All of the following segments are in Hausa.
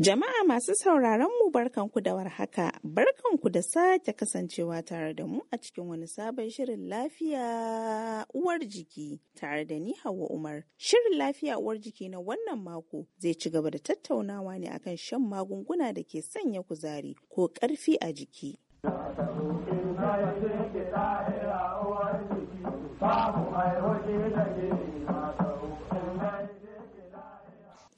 Jama'a masu sauraron mu barkanku da warhaka, barkanku da sake kasancewa tare da mu a cikin wani sabon shirin lafiya uwar jiki tare da ni Hauwa Umar. Shirin lafiya uwar jiki na wannan mako zai ci gaba da tattaunawa ne akan shan magunguna da ke sanya kuzari ko ƙarfi a jiki.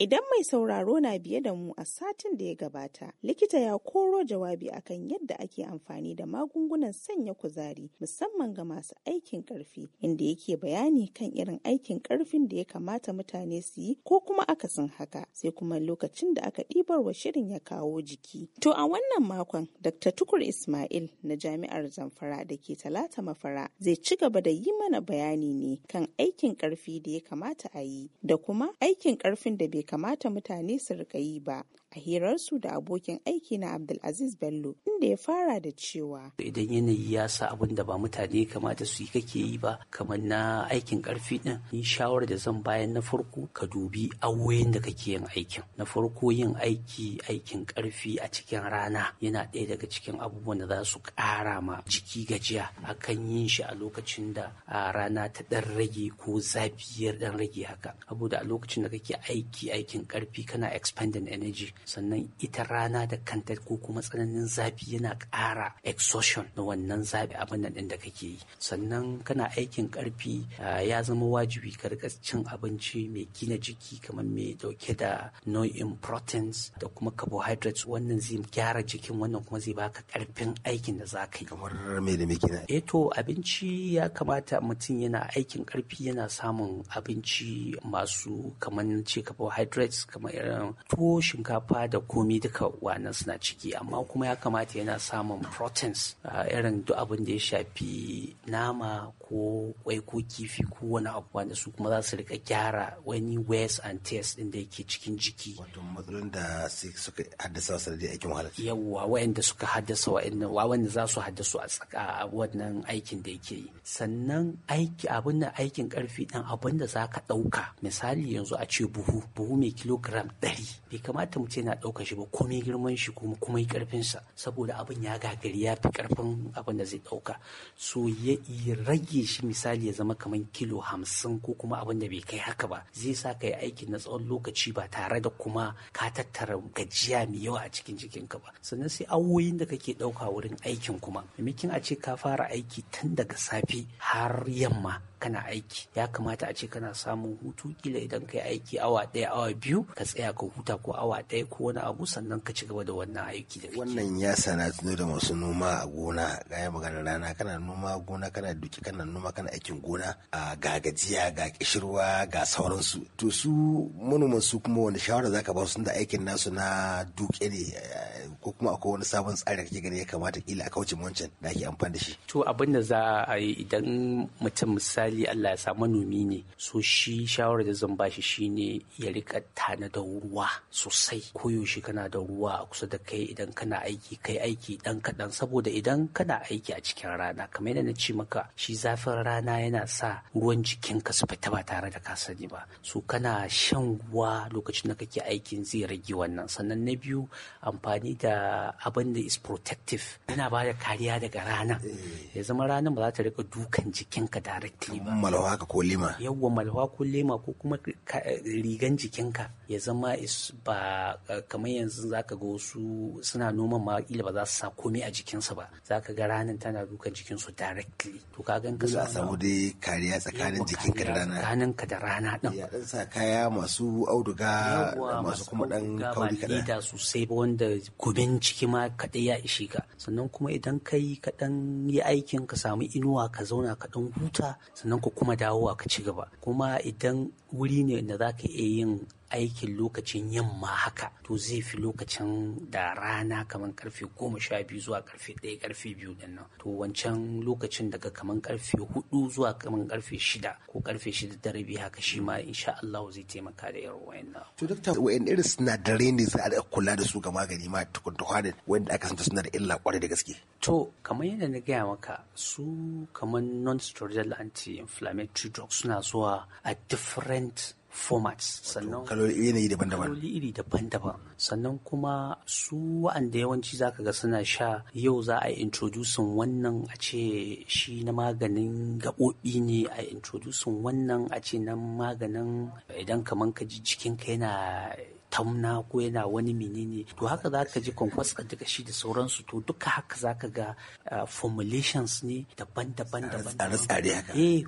Idan mai sauraro na biye da mu a satin da ya gabata, likita ya koro jawabi akan yadda ake amfani da magungunan sanya kuzari musamman ga masu aikin ƙarfi, inda yake bayani kan irin aikin karfin da ya kamata mutane su yi ko kuma akasin haka, sai kuma lokacin da aka ɗibar wa shirin ya kawo jiki. To a wannan makon, Dr. Tukur Ismail na Jami'ar Zamfara da ke Talata Mafara zai ci gaba da yi mana bayani ne kan aikin ƙarfi da ya kamata a yi da kuma aikin karfin da bai kamata mutane su rika yi ba a hirarsu da abokin aiki na Abdulaziz Bello inda ya fara da cewa idan yanayi ya sa abin da ba mutane kamata su yi kake yi ba kamar na aikin karfi din ni shawar da zan bayan na farko ka dubi awoyin da kake yin aikin na farko yin aiki aikin karfi a cikin rana yana ɗaya daga cikin abubuwan da za su ƙara ma jiki gajiya akan yin shi a lokacin da a rana ta ɗan rage ko zafi ya ɗan rage haka da a lokacin da kake aiki aikin karfi kana expanding energy sannan ita rana da kanta ko kuma tsananin zafi yana ƙara exhaustion na wannan zabi abin nan ɗin da kake yi sannan kana aikin ƙarfi ya zama wajibi ka cin abinci mai gina jiki kamar mai dauke da nau'in proteins da kuma carbohydrates wannan zai gyara jikin wannan kuma zai baka ƙarfin aikin da za ka yi kamar me da me eh to abinci ya kamata mutum yana aikin ƙarfi yana samun abinci masu kamar ce carbohydrates kamar irin tuwo shinkafa shinkafa da komi duka wannan suna ciki amma kuma ya kamata yana samun proteins irin duk abin da ya shafi nama ko kwai ko kifi ko wani abu wanda su kuma za su rika gyara wani wears and tears din da yake cikin jiki wato matsalolin da suka haddasa wasu da aikin wahala yawwa wa'anda suka haddasa wa wanda za su haddasa a tsaka wannan aikin da yake yi sannan aiki abin da aikin karfi ɗin abin da za ka ɗauka misali yanzu a ce buhu buhu mai kilogram ɗari bai kamata mu ce na ɗauka shi ba komai girman shi kuma komai karfinsa saboda abin ya gagari ya fi karfin abin da zai ɗauka so ya rage rage shi misali ya zama kamar kilo hamsin ko kuma abin da bai kai haka ba zai sa ka yi aiki na tsawon lokaci ba tare da kuma ka tattara gajiya mai yawa a cikin jikinka ba sannan sai awoyin da kake ɗauka wurin aikin kuma maimakon a ce ka fara aiki tun daga safe har yamma kana aiki ya kamata a ce kana samun hutu kila idan kai aiki awa ɗaya awa biyu ka tsaya ka huta ko awa ɗaya ko wani abu sannan ka ci gaba da wannan aiki da wannan ya sana tuno da masu noma a gona ga magana rana kana noma gona kana duki kana noma kana aikin gona a ga gajiya ga kishirwa ga sauransu to su manoman su kuma wani shawara za ka ba su da aikin nasu na duke ne eh, ko kuma akwai wani sabon tsari da kake gani ya kamata kila a kauce wancan da ake amfani da shi to abin da za a yi idan mutum misali misali Allah ya sa manomi ne so shi shawarar da zan bashi shine ya rika da ruwa sosai koyaushe kana da ruwa a kusa da kai idan kana aiki kai aiki dan kaɗan saboda idan kana aiki a cikin rana kamar yadda na ce maka shi zafin rana yana sa ruwan jikinka su fita ba tare da ka sani ba so kana shan ruwa lokacin da kake aikin zai rage wannan sannan na biyu amfani da abin da is protective yana ba da kariya daga rana. Eh. ya zama ranar ba za ta rika dukan jikinka directly malawa ka ko lema yawwa malawa ko lema ko kuma rigan jikinka ya zama ba eh, kamar yanzu zaka ga wasu suna noman ma ila ba za su sa komai a jikinsa ba zaka ga ranar tana dukan jikinsu directly to ka gan ka samu dai kariya tsakanin jikinka da rana tsakanin ka da rana din ya dan sa kaya masu auduga masu kuma dan kauri kadan ba sosai ba wanda gobin ciki ma kadai ya ishe ka sannan kuma idan kai ka dan yi aikin ka samu inuwa ka zauna ka dan huta sannan sannan ku kuma dawowa ka ci gaba kuma idan wuri ne da za ka iya yin aikin lokacin yamma haka to zai fi lokacin da rana kamar karfe goma sha biyu zuwa karfe ɗaya karfe biyu din nan to wancan lokacin daga kamar karfe hudu zuwa kamar karfe shida ko karfe shida da rabi haka shi ma insha Allah zai taimaka da irin wayannan. To dokta wayan irin sinadarai ne za a kula da su ga magani ma tukun tukwanin wanda aka san suna da illa kwarai da gaske. To kamar yadda na gaya maka su kamar non-steroidal anti-inflammatory drugs suna zuwa a different formats sannan kaloli yanayi daban-daban kaloli iri daban-daban sannan kuma su wa'anda yawanci zaka ga suna sha yau za a introduce wannan a ce shi na maganin gaɓoɓi ne a introduce wannan a ce na maganin idan kaman ka ji ka yana tamna ko yana wani menene to haka za ka ji kwankwasa daga shi da sauransu to duka haka za ka ga formulations ne daban-daban daban tsare-tsare haka eh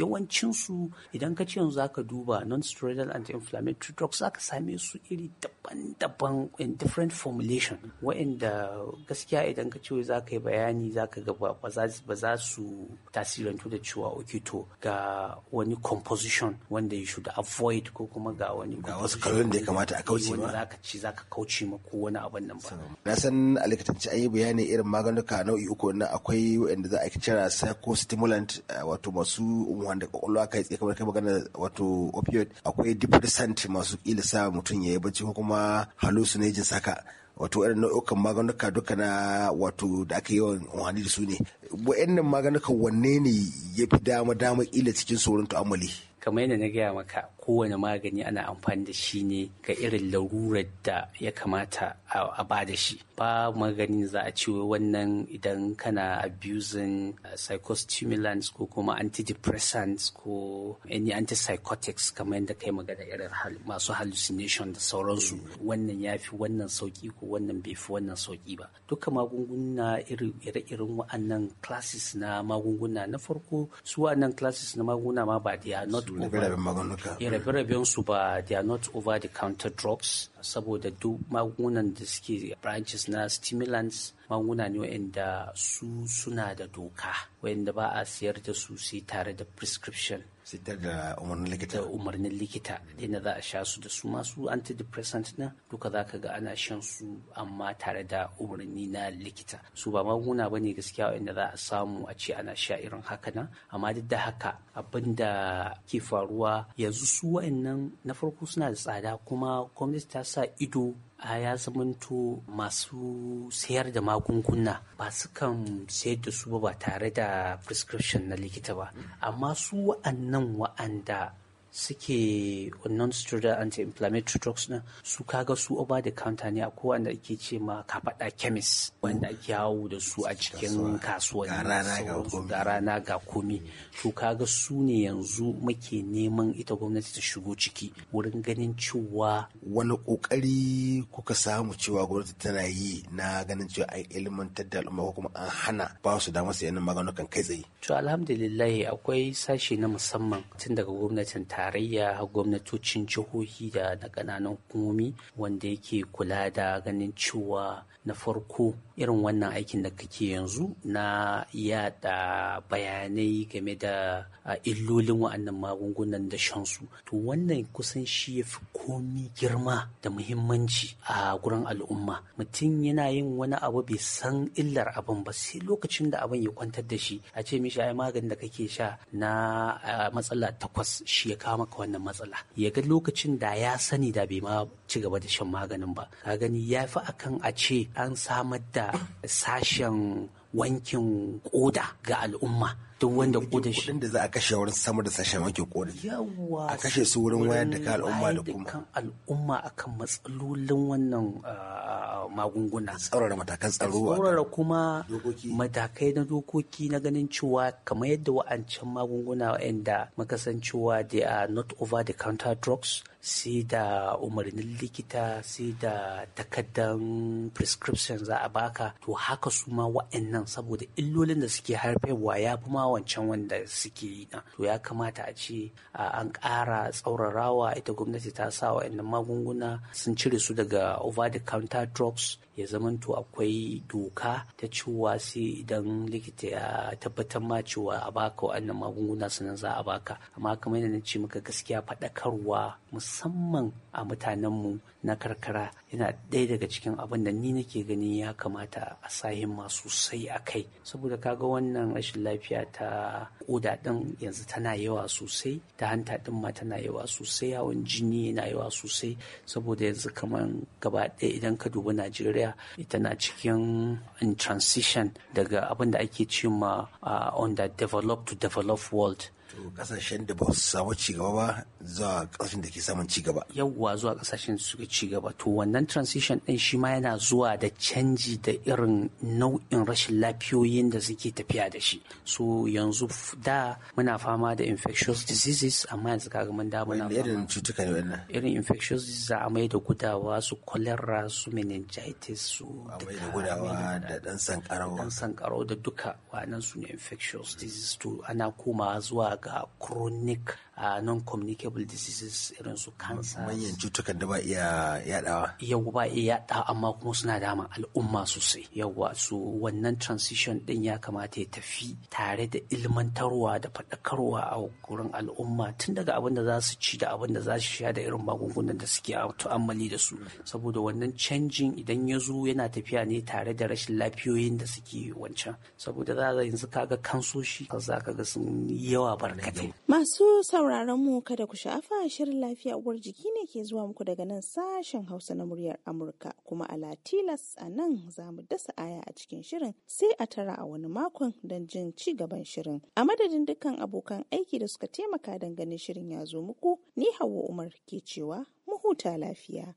yawancinsu idan ka ce yanzu za ka duba non-steroidal anti-inflammatory drugs za ka same su iri daban-daban in different formulation wa'anda gaskiya idan ka ce za ka yi bayani za ka ga ba za su tasirantu da cewa ok to ga wani composition wanda you should avoid ko kuma ga wani ga wasu da kamata a kauce ma wanda zaka ci zaka kauce ma ko wani abin nan ba na san a likitanci an yi bayani irin maganuka nau'i uku na akwai wanda za a psycho psychostimulant eh, wato masu wanda kwakwalwa kai tsaye kamar kai magana wato opioid akwai depressant masu kila sa mutum ya yi bacci ko kuma hallucinogens haka wato irin nau'ukan maganuka duka na wato da aka yawan wani da su ne wa'annan maganuka wanne ne ya fi dama dama ila cikin saurin tu'amali kamar yadda na gaya maka kowane magani ana amfani da shi ne ga irin larurar da ya kamata a ba da shi ba maganin za a ce wannan idan kana abusing uh, psychostimulants ko kuma antidepressants ko any antipsychotics kamar yadda kai magana irin masu hallucination da sauransu mm. wannan ya fi wannan sauki ko wannan bai fi wannan sauki ba duka magunguna ire-iren wa'annan classes na magunguna na farko su wa'annan classes na magunguna ma ba they are not over eh, su ba they are not over the counter drugs saboda duk magungunan da suke branches na stimulants magunguna ne wa'inda su suna da doka wa'inda ba a siyar da su sai tare da prescription sitar da umarnin likita da umarnin likita inda za a sha su da su masu antidepressant na duka za ka ga ana shan su amma tare da umarni na likita su ba magunguna ba ne gaskiya wa'inda za a samu a ce ana sha irin haka na. amma duk da haka abinda ke faruwa yanzu su wa'innan na farko suna da tsada kuma gwamnati ta sa ido ya zamanto masu sayar da magunguna ba su kan sayar da su ba tare da prescription na likita ba amma su wa'annan wa'anda suke wannan steroidal anti-inflammatory drugs na su kaga su over the counter ne a wanda ake ce ma kafaɗa chemist wanda ake yawo da su a cikin kasuwanni ga rana ga komi su kaga su ne yanzu muke neman ita gwamnati ta shigo ciki wurin ganin cewa wani kokari kuka samu cewa gwamnati tana yi na ganin cewa an ilmantar da al'umma kuma an hana ba su da damar maganin maganukan kai tsaye to alhamdulillah akwai sashe na musamman tun daga gwamnatin ta tarayya gwamnatocin jihohi da na ƙananan hukumomi wanda yake kula da ganin cewa na farko irin wannan aikin da kake yanzu na yada bayanai game da illolin wa'annan magungunan da shansu to wannan kusan shi ya fi komi girma da muhimmanci a gurin al'umma mutum yana yin wani abu bai san illar abin ba sai lokacin da abin ya kwantar da shi a ce mishi ai maganin da kake sha na matsala takwas shi ya kama ka wannan matsala ya ga lokacin da ya sani da bai ma ci gaba da shan maganin ba ka gani ya fi akan a ce an samar da sashen wankin koda ga al'umma duk wanda koda shi da za a kashe wurin samar da sashen wankin koda yawa a kashe su wurin wayar da kan al'umma da kuma kan al'umma akan matsalolin wannan ah, magunguna tsaurara matakan tsaro tsaurara kuma matakai na dokoki na ganin cewa kamar yadda wa'ancan magunguna wa'anda muka san cewa they are not over the counter drugs sai da umarnin likita sai da takaddan prescription za a baka to haka su ma wa'annan saboda illolin da suke haifarwa ya fi ma wancan wanda suke yi na to ya kamata a ce an ƙara tsaurarawa ita gwamnati ta sa wa'annan magunguna sun cire su daga over the counter drug house ya zamanto akwai doka ta cewa sai idan likita ya tabbatar ma cewa a baka wa'annan magunguna sannan za a baka amma kamar yadda na ce maka gaskiya faɗakarwa musamman a mutanenmu na karkara yana ɗaya daga cikin abin da ni nake ganin ya kamata a sahin ma sosai a kai saboda kaga wannan rashin lafiya ta koda ɗin yanzu tana yawa sosai ta hanta ɗin ma tana yawa sosai hawan jini yana yawa sosai saboda yanzu kamar gaba ɗaya idan ka dubi najeriya ita na cikin in transition daga abin da ake ce ma on ah, the developed to develop world kasashen da ba su samu cigaba ba zuwa kasashen da ke samun cigaba yauwa zuwa kasashen da suka cigaba to wannan transition din shi ma yana zuwa da canji da irin nau'in rashin lafiyoyin da suke tafiya da shi so yanzu da muna fama da infectious diseases amma yanzu kaga mun da muna fama irin cutuka ne wannan irin infectious diseases amai da gudawa su cholera su meningitis su amai da gudawa da dan sankarau dan sankarau da duka wannan su ne infectious diseases to ana komawa zuwa ga chronic a non-communicable diseases irin su cancer manyan cutukan da ba iya yadawa yau ba iya yada amma kuma suna dama al'umma sosai Yau su wannan transition din ya kamata ya tafi tare da ilmantarwa da faɗakarwa a gurin al'umma tun daga abin da za su ci da abin da za su sha da irin magungunan da suke tu'ammali da su saboda wannan canjin idan ya zo yana tafiya ne tare da rashin lafiyoyin da suke wancan saboda za yanzu kaga kansoshi za ka ga sun yawa barkatai masu sauraron mu kada ku sha'afa shirin lafiya uwar jiki ne ke zuwa muku daga nan sashen Hausa na muryar Amurka kuma a Latilas a nan za mu dasa aya a cikin shirin sai a tara a wani makon don jin ci gaban shirin. A madadin dukkan abokan aiki da suka taimaka don ganin shirin ya zo muku ni Hauwa Umar ke cewa mu huta lafiya.